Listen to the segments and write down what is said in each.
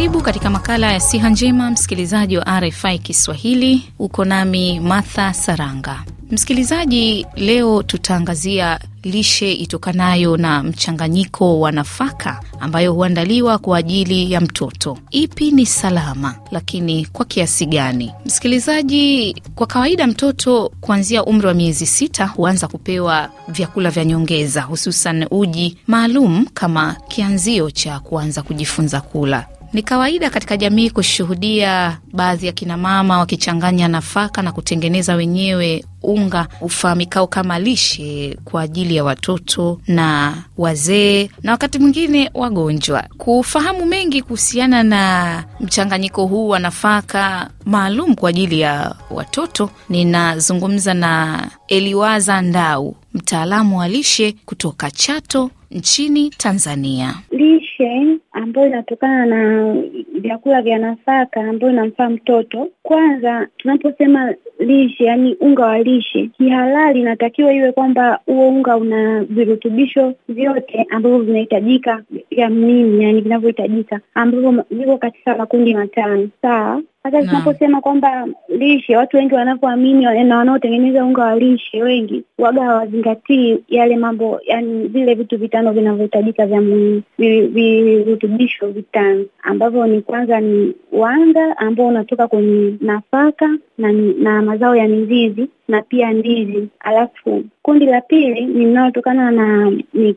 Karibu katika makala ya siha njema, msikilizaji wa RFI Kiswahili. Uko nami Martha Saranga. Msikilizaji, leo tutaangazia lishe itokanayo na mchanganyiko wa nafaka ambayo huandaliwa kwa ajili ya mtoto. Ipi ni salama, lakini kwa kiasi gani? Msikilizaji, kwa kawaida mtoto kuanzia umri wa miezi sita huanza kupewa vyakula vya nyongeza, hususan uji maalum kama kianzio cha kuanza kujifunza kula. Ni kawaida katika jamii kushuhudia baadhi ya kinamama wakichanganya nafaka na kutengeneza wenyewe unga ufahamikao kama lishe kwa ajili ya watoto na wazee na wakati mwingine wagonjwa. Kufahamu mengi kuhusiana na mchanganyiko huu wa nafaka maalum kwa ajili ya watoto, ninazungumza na Eliwaza Ndau, mtaalamu wa lishe kutoka Chato nchini Tanzania. Lishe ambayo inatokana na vyakula vya nafaka ambayo inamfaa mtoto. Kwanza tunaposema lishe, yani unga wa lishe kihalali, inatakiwa iwe kwamba huo unga una virutubisho vyote ambavyo vinahitajika vya muhimu, yani vinavyohitajika ambavyo viko katika makundi matano, sawa? Hata tunaposema kwamba lishe, watu wengi wanavyoamini na wanaotengeneza unga wa lishe wengi waga hawazingatii yale mambo, yani vile vitu vitano vinavyohitajika vya muhimu, virutubisho virutubisho vitano ambavyo ni kwanza ni wanga ambao unatoka kwenye nafaka na, na mazao ya mizizi na pia ndizi. Alafu kundi la pili ni linalotokana na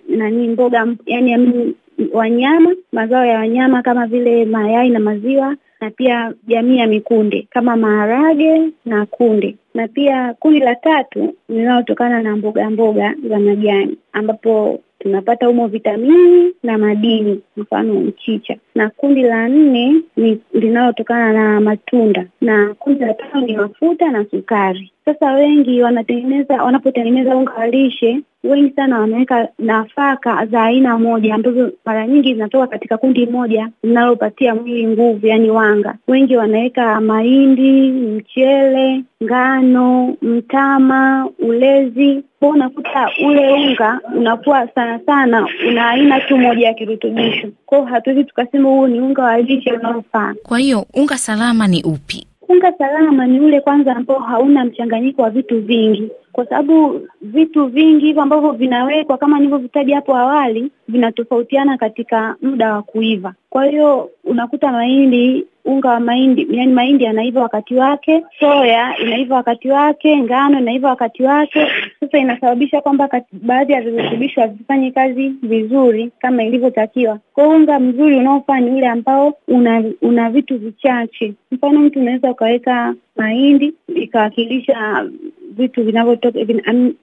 nani, mboga yani wanyama, mazao ya wanyama kama vile mayai na maziwa na pia jamii ya mikunde kama maharage na kunde, na pia kundi la tatu linalotokana na mboga mboga za majani ambapo tunapata humo vitamini na madini, mfano mchicha, na kundi la nne ni linalotokana na matunda, na kundi la tano ni mafuta na sukari. Sasa wengi wanatengeneza, wanapotengeneza unga wa lishe, wengi sana wanaweka nafaka za aina moja ambazo mara nyingi zinatoka katika kundi moja linalopatia mwili nguvu, yaani wanga. Wengi wanaweka mahindi, mchele, ngano, mtama, ulezi. Kwa unakuta ule unga unakuwa sana sana una aina tu moja ya kirutubisho. kwao hatuwezi tukasema huu ni unga wa lishe unaofaa. Kwa hiyo unga salama ni upi? Unga salama ni ule kwanza ambao hauna mchanganyiko wa vitu vingi, kwa sababu vitu vingi hivyo ambavyo vinawekwa kama nilivyovitaja hapo awali vinatofautiana katika muda wa kuiva. Kwa hiyo unakuta mahindi unga wa mahindi, yaani mahindi yanaiva wakati wake, soya inaiva wakati wake, ngano inaiva wakati wake. Sasa inasababisha kwamba baadhi ya virutubisho havifanyi kazi vizuri kama ilivyotakiwa. kwao unga mzuri unaofaa ni ule ambao una una vitu vichache. Mfano, mtu unaweza ukaweka mahindi ikawakilisha vitu vinavyotoka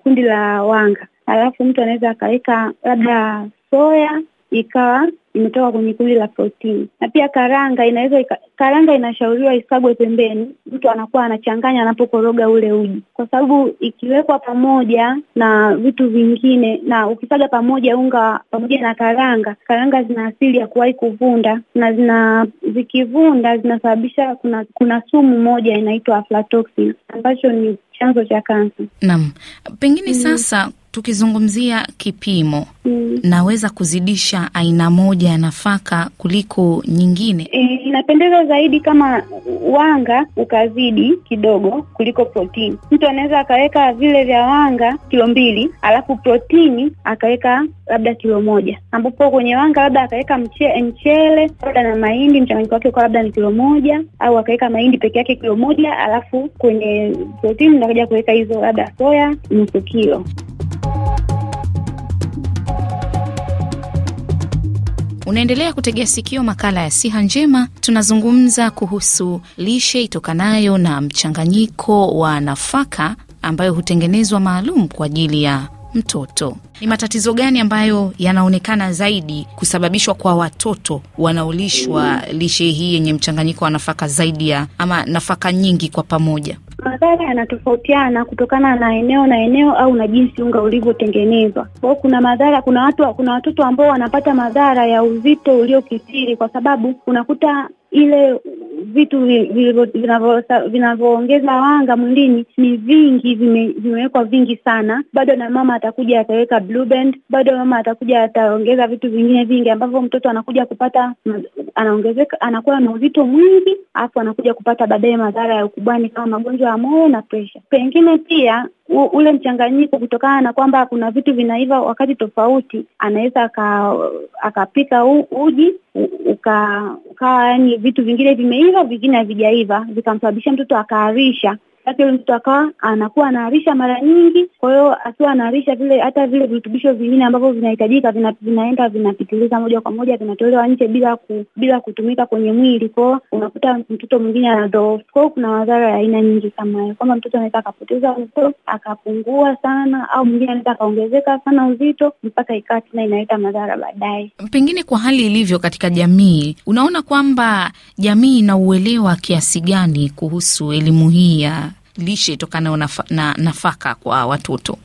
kundi la wanga, alafu mtu anaweza akaweka labda soya ikawa imetoka kwenye kundi la protini, na pia karanga inaweza karanga inashauriwa isagwe pembeni, mtu anakuwa anachanganya anapokoroga ule uji, kwa sababu ikiwekwa pamoja na vitu vingine, na ukisaga pamoja unga pamoja na karanga, karanga zina asili ya kuwahi kuvunda na zina zikivunda zinasababisha kuna kuna sumu moja inaitwa aflatoxin ambacho ni chanzo cha kansa. Naam, pengine mm. Sasa Tukizungumzia kipimo mm, naweza kuzidisha aina moja ya nafaka kuliko nyingine. E, inapendeza zaidi kama wanga ukazidi kidogo kuliko protini. Mtu anaweza akaweka vile vya wanga kilo mbili alafu protini akaweka labda kilo moja, ambapo kwenye wanga labda akaweka mche, mchele labda na mahindi, mchanganyiko wake ukawa labda ni kilo moja, au akaweka mahindi peke yake kilo moja, alafu kwenye protini nitakuja kuweka hizo labda soya nusu kilo. Unaendelea kutegea sikio makala ya siha njema. Tunazungumza kuhusu lishe itokanayo na mchanganyiko wa nafaka ambayo hutengenezwa maalum kwa ajili ya mtoto. Ni matatizo gani ambayo yanaonekana zaidi kusababishwa kwa watoto wanaolishwa lishe hii yenye mchanganyiko wa nafaka zaidi ya ama nafaka nyingi kwa pamoja? Madhara yanatofautiana kutokana na eneo na eneo au na jinsi unga ulivyotengenezwa. Kwao kuna madhara, kuna watu, kuna watoto ambao wanapata madhara ya uzito uliokithiri, kwa sababu unakuta ile vitu vinavyoongeza wanga mwilini ni vingi, vimewekwa vingi sana. Bado na mama atakuja ataweka blue band, bado mama atakuja ataongeza vitu vingine vingi ambavyo mtoto anakuja kupata, anaongezeka, anakuwa na uzito mwingi, alafu anakuja kupata baadaye madhara ya ukubwani kama magonjwa ya moyo na presha. Pengine pia u, ule mchanganyiko kutokana na kwamba kuna vitu vinaiva wakati tofauti, anaweza akapika uji ukawa uka, yani vitu vingine vimeiva vingine havijaiva, vikamsababisha mtoto akaarisha yake yule mtoto akawa anakuwa anaharisha mara nyingi. Kwa hiyo akiwa anaharisha vile, hata vile virutubisho vingine ambavyo vinahitajika vina, vinaenda vinapitiliza moja kwa moja, vinatolewa nje bila ku, bila kutumika kwenye mwili. Kwao unakuta mtoto mwingine anadhoofu. kuna madhara ya aina nyingi kama hiyo, kwamba mtoto anaweza akapoteza uzito akapungua sana, au mwingine anaweza akaongezeka sana uzito mpaka ikaa tena inaleta madhara baadaye. Pengine kwa hali ilivyo katika jamii, unaona kwamba jamii inauelewa kiasi gani kuhusu elimu hii ya lishe itokanayo na, na nafaka kwa watoto?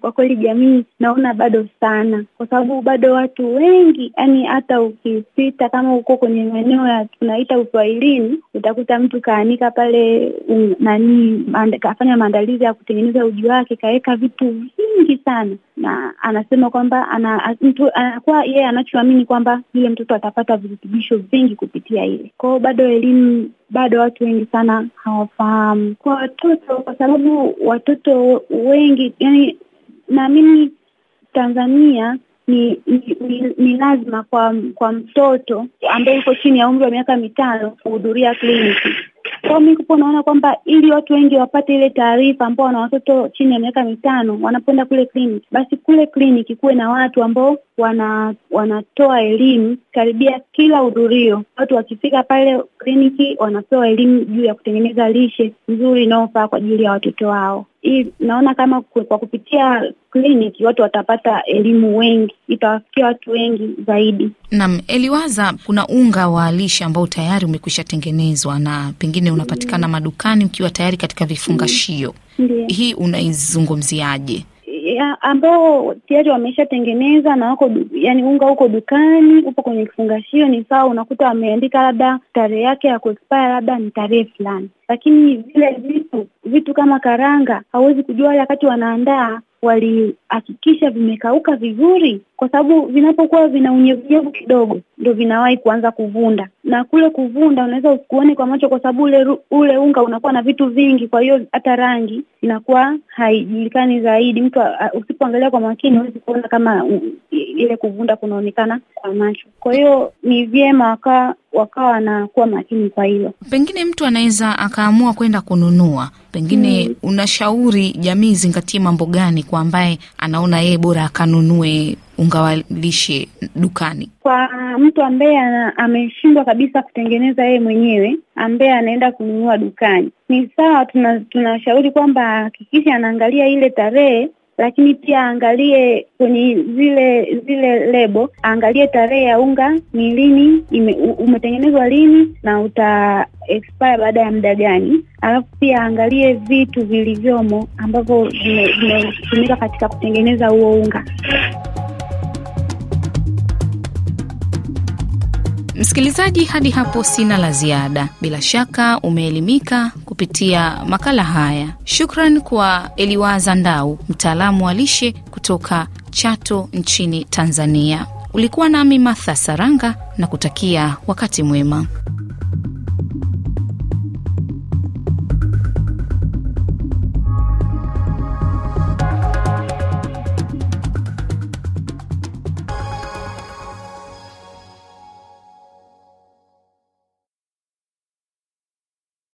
Kwa kweli jamii, naona bado sana, kwa sababu bado watu wengi, yani hata ukipita kama uko kwenye maeneo ya tunaita uswahilini, utakuta mtu kaanika pale um, nani kafanya maandalizi ya kutengeneza uji wake, kaweka vitu vingi sana, na anasema kwamba ana, mtu anakuwa yeye anachoamini kwamba yule mtoto atapata virutubisho vingi kupitia ile. kwao, bado elimu bado watu wengi sana hawafahamu kwa watoto, kwa sababu watoto wengi yani, naamini Tanzania ni ni, ni ni lazima kwa kwa mtoto ambaye yuko chini ya umri wa miaka mitano kuhudhuria kliniki so mimi kupo naona kwamba ili watu wengi wapate ile taarifa, ambao wana watoto chini ya miaka mitano wanapoenda kule kliniki, basi kule kliniki kuwe na watu ambao wana wanatoa elimu karibia kila hudhurio. Watu wakifika pale kliniki wanapewa elimu juu ya kutengeneza lishe nzuri inayofaa kwa ajili ya watoto wao hii naona kama kwa kupitia kliniki watu watapata elimu wengi, itawafikia watu wengi zaidi. Naam, Eliwaza, kuna unga wa lishe ambao tayari umekwisha tengenezwa na pengine unapatikana madukani ukiwa tayari katika vifungashio. Ndiyo. Hii unaizungumziaje? ya, ambao tayari wameshatengeneza na wako yani unga uko dukani, upo kwenye kifungashio, ni sawa, unakuta wameandika labda tarehe yake ya kuexpire labda ni tarehe fulani, lakini vile vitu vitu kama karanga hawezi kujua wakati wanaandaa walihakikisha vimekauka vizuri, kwa sababu vinapokuwa vina unyevunyevu kidogo ndo vinawahi kuanza kuvunda, na kule kuvunda unaweza usikuone kwa macho, kwa sababu ule ule unga unakuwa na vitu vingi, kwa hiyo hata rangi inakuwa haijulikani zaidi. Mtu usipoangalia kwa makini huwezi kuona kama ile kuvunda kunaonekana kwa macho. Kwa hiyo ni vyema wakawa wakawa wanakuwa makini kwa hilo. Pengine mtu anaweza akaamua kwenda kununua, pengine hmm. unashauri jamii zingatie mambo gani kwa ambaye anaona yeye bora akanunue unga wa lishe dukani? Kwa mtu ambaye ameshindwa kabisa kutengeneza yeye mwenyewe, ambaye anaenda kununua dukani, ni sawa, tunashauri tuna kwamba hakikisha anaangalia ile tarehe lakini pia aangalie kwenye zile zile lebo, aangalie tarehe ya unga ni lini, umetengenezwa lini na uta expire baada ya muda gani. Alafu pia aangalie vitu vilivyomo ambavyo vimetumika katika kutengeneza huo unga. Msikilizaji, hadi hapo sina la ziada. Bila shaka umeelimika kupitia makala haya. Shukran kwa Eliwaza Ndau, mtaalamu wa lishe kutoka Chato nchini Tanzania. Ulikuwa nami Martha Saranga na kutakia wakati mwema.